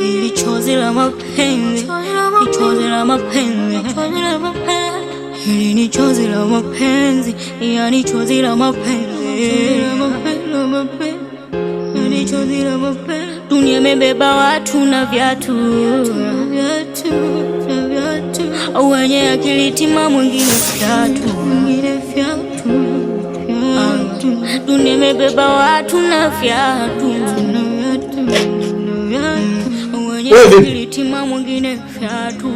Ili chozi la mapenzi, chozi la mapenzi, ni chozi la mapenzi, yani chozi la mapenzi. Dunia imebeba watu na viatu, wenye akili timamu, dunia imebeba watu na viatu, wenye mwingine viatu.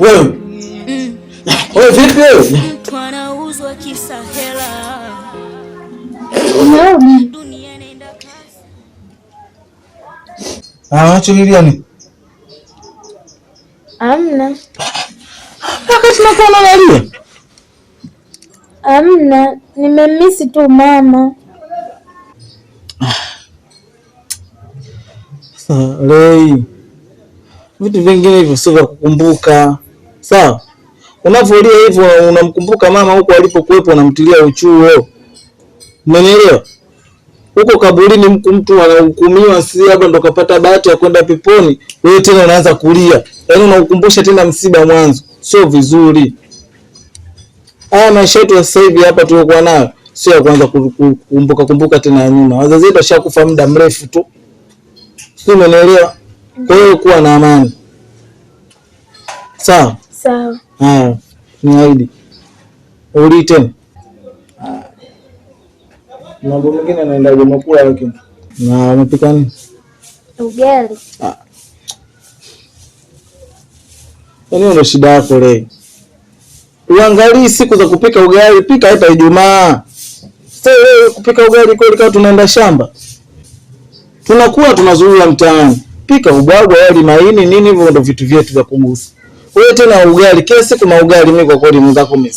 Wewe mm. wewe, vipi wewe? Mtu kisa hela. Dunia inaenda kasi. Ah, wacho niliani? Amna. Wakati nakuwa nalia. Amna, nimemisi tu mama. Ah, lei, vitu vingine hivyo sio vya kukumbuka, sawa? Unavyolia hivyo unamkumbuka mama huko alipokuwepo, unamtilia uchuo, umenielewa? Huko kaburini mku mtu anahukumiwa, si labda ndo kapata bahati ya kwenda peponi, wewe tena unaanza kulia, yaani unaukumbusha tena msiba mwanzo, sio vizuri. Haya oh, maisha yetu ya sasa hivi hapa tuliokuwa nayo sio ya kwanza kukumbuka kumbuka tena ya nyuma. Wazazi wetu washakufa muda mrefu tu, sio? Umeelewa? Kwa hiyo kuwa na amani, sawa sawa. Haya, niahidi urudi tena. Mambo mengine anaenda kumakula, lakini na umepika nini? Ugali. Ah, yaani ndio shida yako leo uangalii siku za kupika ugali, pika hapa Ijumaa. Sasa wewe kupika ugali kweli, kama tunaenda shamba tunakuwa tunazuia mtaani, pika ubwabwa, wali, maini, nini hivyo, ndio vitu vyetu vya kugusa. Wewe tena ugali kila siku na ugali, mimi kwa kweli mwenzako mimi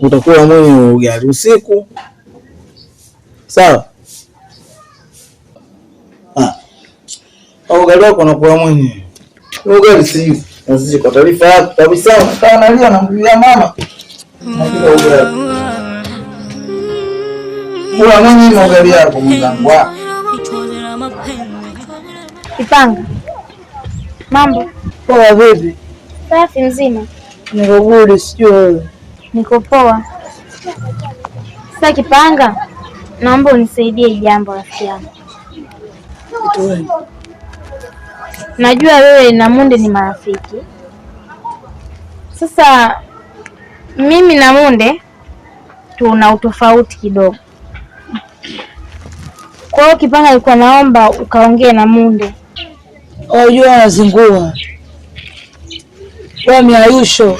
utakuwa mwenye ugali usiku, sawa? Ah, ugali wako unakuwa mwenye ugali sisi na sisi kwa taarifa yako kabisa, kaa nalia, namjulia mama kula mwenye na ugali yako mwenzangu. Ipanga mambo poa, vipi? Safi mzima, niko good. Sijui wewe? Niko poa. Sasa Kipanga, naomba unisaidie jambo rafiki yangu. Najua wewe na Munde ni marafiki. Sasa mimi na Munde tuna utofauti kidogo. Kwa hiyo Kipanga, alikuwa naomba ukaongee na Munde. Wajua wanazingua wa miayusho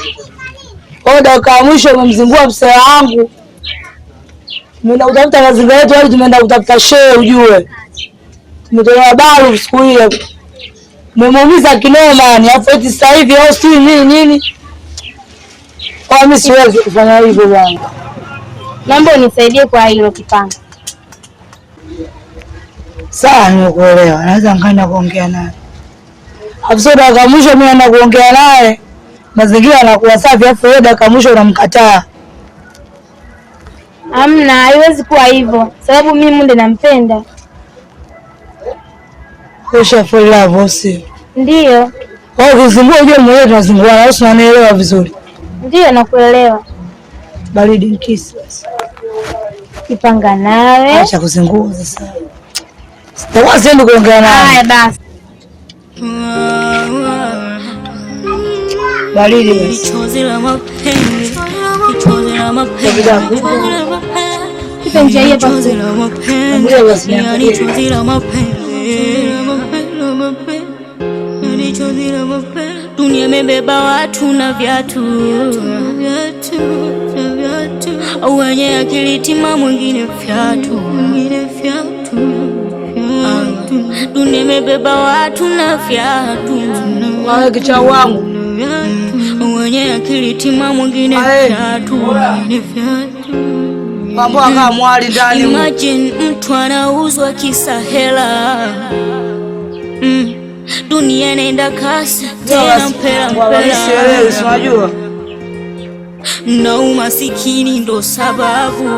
o, dakika mwisho umemzingua msee wangu. Mwenda kutafuta mazingira yetu, hadi yaani tumeenda kutafuta shehe, ujue tumetolewa baru siku ile umemuumiza kinoma, ni afu eti sasa hivi au si nini nini? Kwa mimi siwezi kufanya hivyo bwana, naomba unisaidie kwa hilo kipanga Sawa, nimekuelewa, naweza nikaenda kuongea naye afu dakika mwisho mimi naenda kuongea naye, mazingira anakuwa safi, afu wewe dakika mwisho unamkataa. Amna, haiwezi kuwa hivyo sababu mimi munde nampenda Kesha for love sio? Ndio. Wao kuzungua ujue mwenyewe tunazungua na usi unanielewa vizuri. Ndio nakuelewa. Baridi nkisi sasa. Kipanga nawe. Acha kuzungua sasa. Sitawazi ndio kuongea nawe. Haya basi. Baridi basi. Kipenzi hapa. Ndio basi. yamebeba watu na viatu, wenye akili timamu wengine viatu, dunia imebeba watu na viatu, kicha wangu wenye akili timamu wengine viatu ah, ah, mm. ah, Imagine mtu anauzwa kisa hela mm dunia inaenda kasi tena, mpela mpela, unajua na umasikini ndo sababu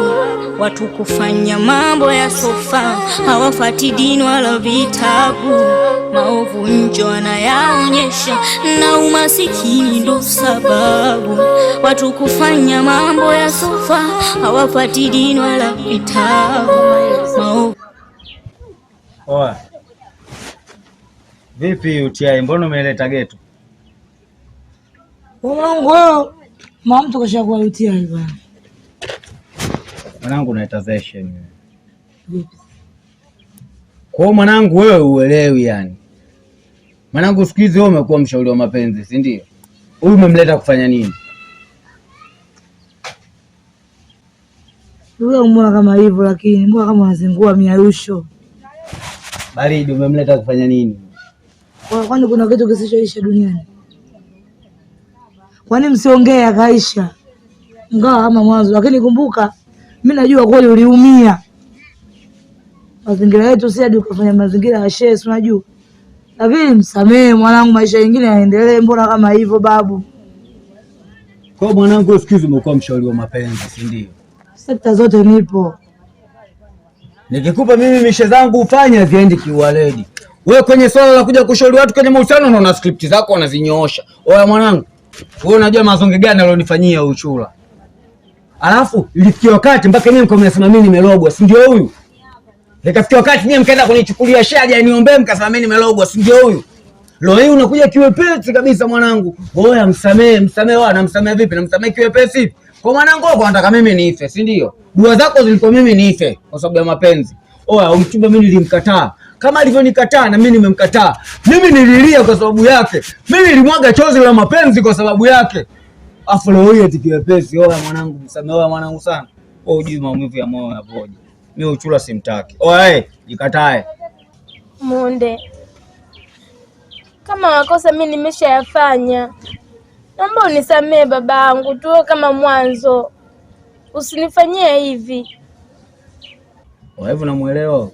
watu kufanya mambo ya sofa, hawafati dini wala vitabu, maovu njo anayaonyesha. Na umasikini ndo sababu watu kufanya mambo ya sofa, hawafati dini wala vitabu, maovu Vipi UTI, mbona umeleta geto? Mwanangu, mama mtu kwa UTI bwana. Mwanangu naitazesheni. Kwa mwanangu wewe uelewi yani. Mwanangu siku hizi wewe umekuwa mshauri wa mapenzi, si ndio? Huyu umemleta kufanya nini? Wewe umeona kama hivyo lakini mbona kama unazingua miarusho. Baridi umemleta kufanya nini? Kwani kuna kitu kisichoisha duniani? Kwani msiongee akaisha, ngawa kama mwanzo. Lakini kumbuka, mi najua kweli uliumia. Mazingira yetu si hadi ukafanya mazingira ya shehe, si unajua. Lakini msamehe mwanangu, maisha yengine yaendelee. Mbona kama hivyo babu? Kwa mwanangu, siku umekuwa mshauri wa mapenzi, si ndio? Sekta zote nipo, nikikupa mimi mishe zangu ufanye ziendi kiwaledi wewe kwenye swala la kuja kushauri watu kwenye mahusiano na una script zako unazinyoosha. Oya mwanangu, wewe unajua mazonge gani alionifanyia uchula? Alafu ilifikia wakati mpaka mimi mkawa nasema mimi nimelogwa, si ndio huyu? Nikafikia wakati mimi mkaenda kunichukulia shaja niombe, mkasema mimi nimelogwa, si ndio huyu? Leo hii unakuja kiwepesi kabisa mwanangu. Oya msamee, msamee wa na msamee vipi? Na msamee kiwepesi Kwa mwanangu wako anataka mimi niife, si ndio? Dua zako zilikuwa mimi niife kwa sababu ya mapenzi. Oya umchumba mimi nilimkataa kama alivyonikataa na mimi nimemkataa. Mimi nililia kwa sababu yake, mimi nilimwaga chozi la mapenzi kwa sababu yake. Afu leo hii tikiwepesi, oya mwanangu, msamehe oya mwanangu sana. Wewe hujui maumivu ya moyo yapoje. Mimi uchula simtaki. Oya nikatae munde, kama makosa mimi nimeshayafanya, naomba unisamehe babangu, tuo kama mwanzo, usinifanyie hivi. Wewe unamuelewa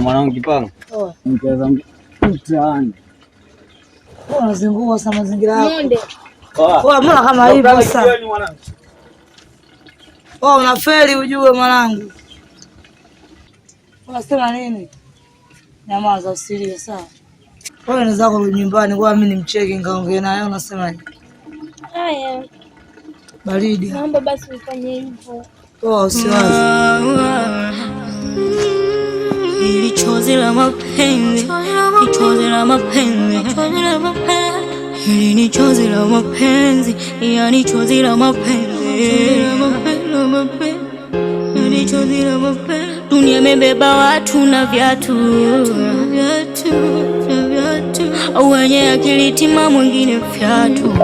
mwanangu kipanga mcheza mtaani unazingua sana mazingira yako. Mbona kama hivyo sasa? Unafeli ujue mwanangu, unasema nini? Nyamaza, usilie sawa. Wewe nizako nyumbani kwa mimi nimcheki nikaongea naye, unasemaje? Haya. Baridi. Naomba basi ufanye hivyo. Poa, oh, usiwazi chozi la mapenzi, chozi la mapenzi, hili ni chozi la mapenzi, yani chozi la mapenzi. Dunia imebeba watu na viatu, wenye akili timamu wengine fyatu.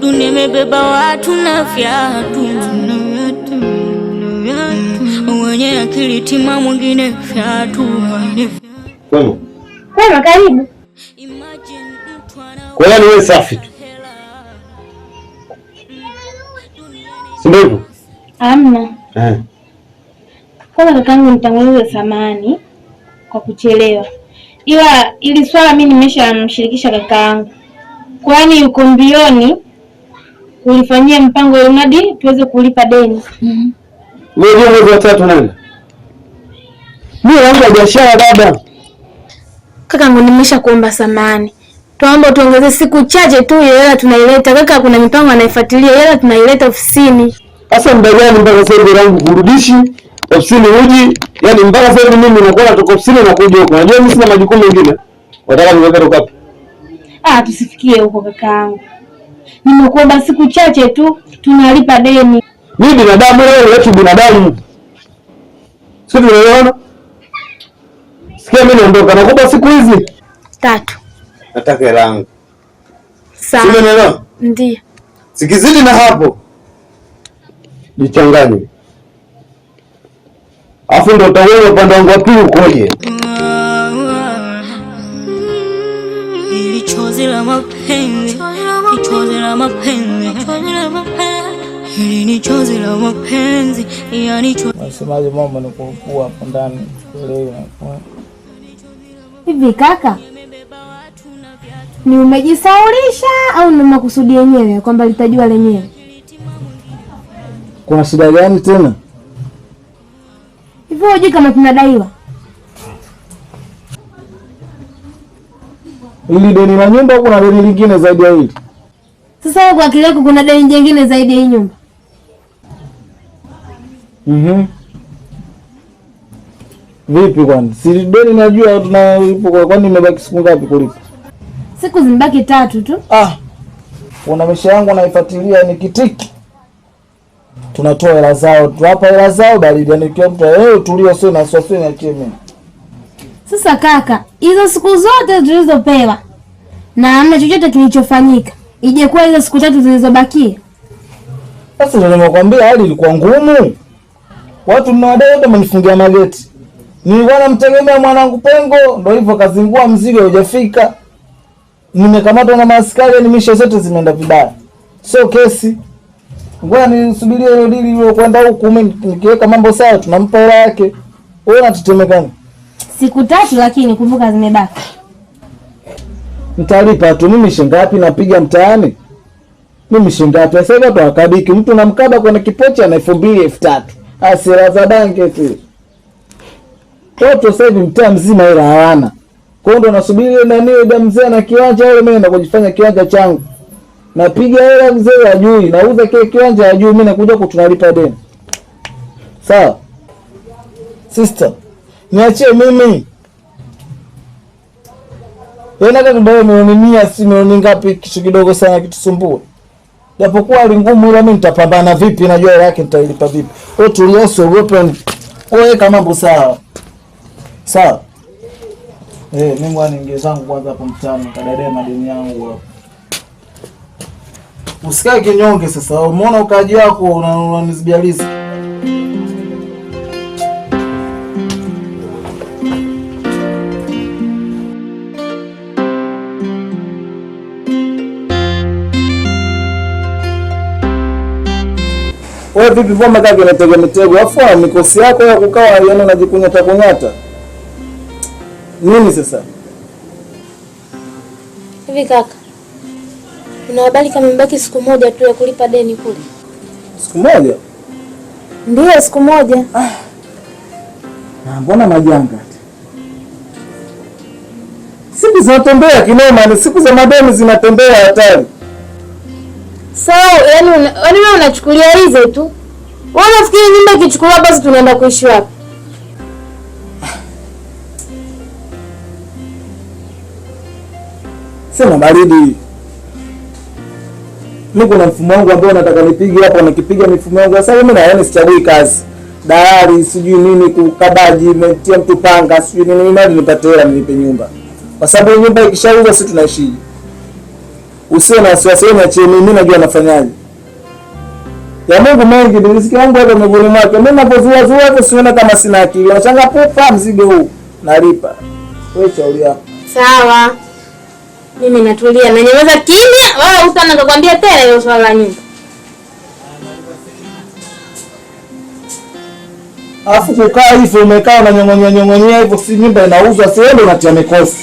Dunia imebeba watu na viatu mwenye akili timamu, mwingine fyatuwema. Karibu kwa yani, wewe safi tu, si Amna kwanza, kakangu nitangulize samani kwa kuchelewa, ila ili swala mimi nimeshamshirikisha kakangu, kwani yuko mbioni kulifanyia mpango ili mradi tuweze kulipa deni. mm -hmm. Ngoja mwezi wa tatu nani? Mimi naomba biashara baba. Kakangu, nimesha kuomba samani. Tuomba tuongeze siku chache tu ile hela tunaileta. Kaka kuna mipango anaifuatilia, hela tunaileta ofisini. Sasa muda gani mpaka sasa hivi rangu kurudishi ofisini uji? Yaani mpaka sasa hivi mimi nakuwa natoka ofisini na kuja huko. Unajua mimi sina majukumu mengine. Wataka niweke roka wapi? Ah, tusifikie huko kakaangu. Nimekuomba siku chache tu tunalipa deni. Mimi binadamu leo wetu binadamu. Sisi tunaelewana? Sikia mimi naondoka na nakupa siku hizi tatu. Nataka hela yangu. Sawa. Sio unaelewa? Ndio. Sikizidi na hapo. Jichanganye. Afu ndo utaona upande wangu wa ukoje. Ili chozi la mapenzi, chozi la mapenzi, chozi la mapenzi. Hili ni chozi la mapenzi, yani chozi. Unasemaje mama, hapo ndani hivi? Kaka, ni umejisaulisha au ni makusudi yenyewe kwamba litajua lenyewe? Kuna shida gani tena hivi? Hujui kama tunadaiwa hili deni la nyumba, kuna deni lingine zaidi ya hili? Sasa kwa akili yako kuna deni jingine zaidi ya hii nyumba? Mhm. Vipi kwani? Si deni najua tuna ipo kwa kwani imebaki siku ngapi kulipa? Siku zimebaki tatu tu. Ah. Una maisha yangu naifuatilia ni kitiki. Tunatoa hela zao, tu hapa, hela zao baridi. Yaani kila mtu wewe eh, tulio sio na sio na chemi. Sasa kaka, hizo siku zote tulizopewa na hamna chochote kilichofanyika. Ije kuwa hizo siku tatu zilizobakia. Sasa ndio nimekwambia hali ilikuwa ngumu watu mnawadai mnifungia mageti. Nilikuwa namtegemea mwanangu Pengo, ndio hivyo kazingua mzigo hujafika. Nimekamatwa na maaskari, animisha zote zimeenda vibaya. Sio kesi. Ngoja nisubirie hilo dili hilo kwenda huku mimi nikiweka mambo sawa tunampa hela yake. Wewe unatetemekana. Siku tatu lakini kuvuka zimebaki. Mtalipa tu mimi shingapi ngapi napiga mtaani? Mimi shingapi? ngapi? Sasa hivi watu wakabiki mtu namkaba kwenye kipochi ana elfu mbili elfu tatu asira za bange tu. Watu sasa hivi mtaa mzima hela hawana. Kwa ndo nasubiri nani yule mzee na kiwanja yule, mimi naenda kujifanya kiwanja changu. Napiga hela mzee hajui, nauza kile kiwanja hajui, mimi nakuja kutunalipa deni. Sawa. Sister, niachie mimi. Wewe nataka ndio mimi 100 si milioni ngapi, kitu kidogo sana kitusumbue japokuwa lingumu ngumu, ila mimi nitapambana vipi, na jua lake nitailipa vipi. Wewe tulia, usiogope, weka mambo sawa sawa. Eh, mimi ngwani ingie zangu kwanza hapo mtaani, kadadea madeni yangu hapo. Usikae kinyonge sasa, umeona ukaji wako unanizibia riziki vipi vomba kaka, kinatega mitego. Afu mikosi yako ya kukaa yaani unajikunyata kunyata. Nini sasa? Hivi kaka. Una habari kama mbaki siku moja tu ya kulipa deni kule? Siku moja? ndio, siku moja. Ah. Na mbona majanga? Siku zinatembea kinoma, ni siku za madeni zinatembea hatari. So, yani, wewe unachukulia hizo tu wewe unafikiri nyumba ikichukuliwa basi tunaenda kuishi wapi? Sina baridi. Mimi kuna mfumo wangu ambao nataka nipige hapo, nikipiga mifumo yangu sasa. Mimi yani sichagui kazi dalali, sijui nini, kukabaji, metia mtu panga, sijui nini, nani nipate hela nilipe nyumba, kwa sababu nyumba ikishauza sisi tunaishije? Usiwe na wasiwasi, niachie mimi, najua nafanyaje ya Mungu mengi, nilisikia Mungu yangu hapo miguuni mwake. Mimi ninapozua zua hapo siona kama sina akili. Nachanga pupa mzigo huu nalipa. Wewe shauri yako. Sawa. Mimi natulia. Na nyamaza kimya. Wewe utana nikakwambia tena hiyo swala la nyumba. Alafu kukaa hivyo umekaa na nyongonyo nyongonyo hivyo, si nyumba inauzwa, si wewe unatia mikosi.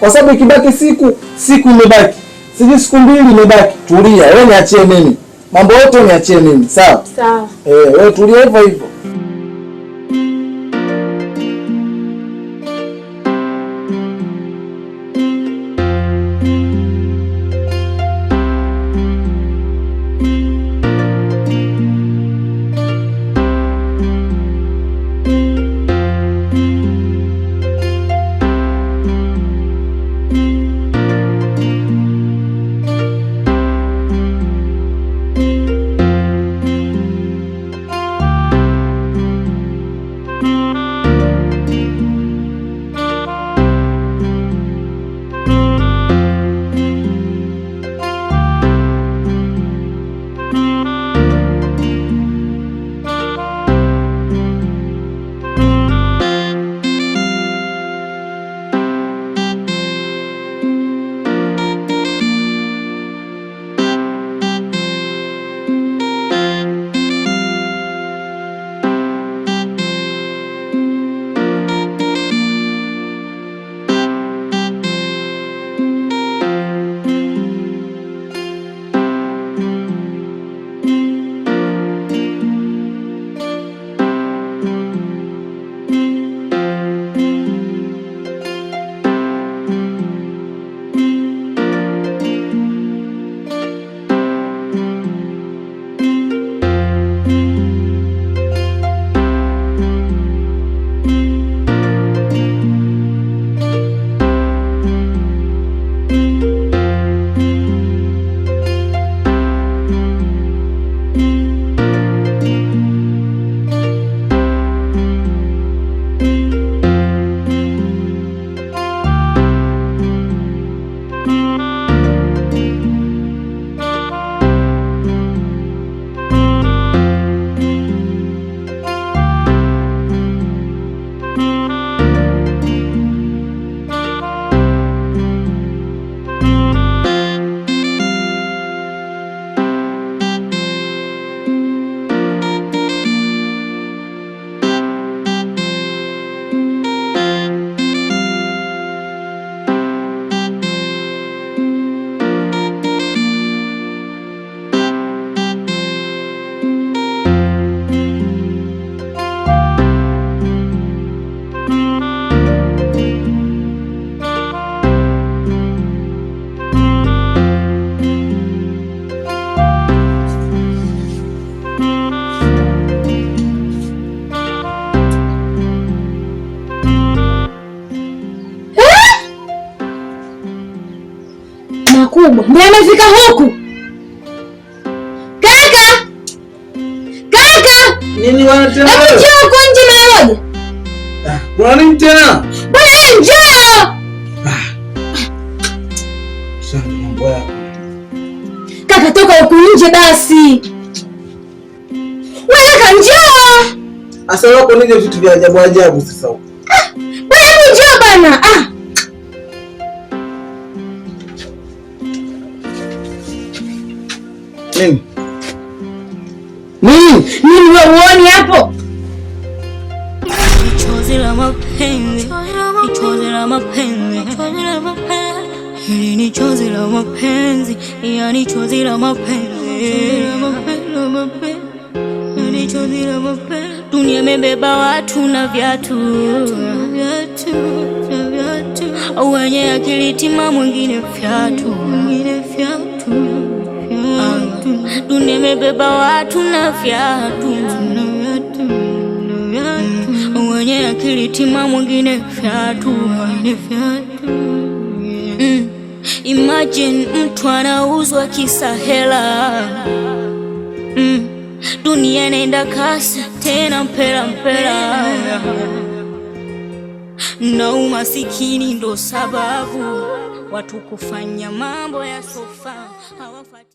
Kwa sababu ikibaki siku, siku imebaki. Sijui siku mbili imebaki. Tulia, wewe niachie mimi mambo yote niachie mimi, sawa sawa. Eh, wewe tulia hivyo hivyo. ndio amefika huku. Kaka, kaka, nini wewe tena? Njoo huko nje mara moja. Ah, kuna nini tena? Bwana njoo. Ah. Kaka, toka huko nje basi. Wewe kaka, njoo. Asa wako nini vitu vya ajabu ajabu sasa huko. Ah, bwana njoo bana. Ah. Nini? Nini? wewe uone hapo? Chozi la mapenzi. Chozi la mapenzi. Chozi la mapenzi. Hili ni chozi la mapenzi, yani chozi la mapenzi. Dunia imebeba watu na viatu, wenye akili timamu, wengine viatu Dunia imebeba watu na viatu, wenye akili timamu wengine viatu. Mm, imagine mtu anauzwa kisa hela. Mm, dunia inaenda kasi tena mpela mpela, na umasikini ndo sababu watu kufanya mambo ya sofa hawafati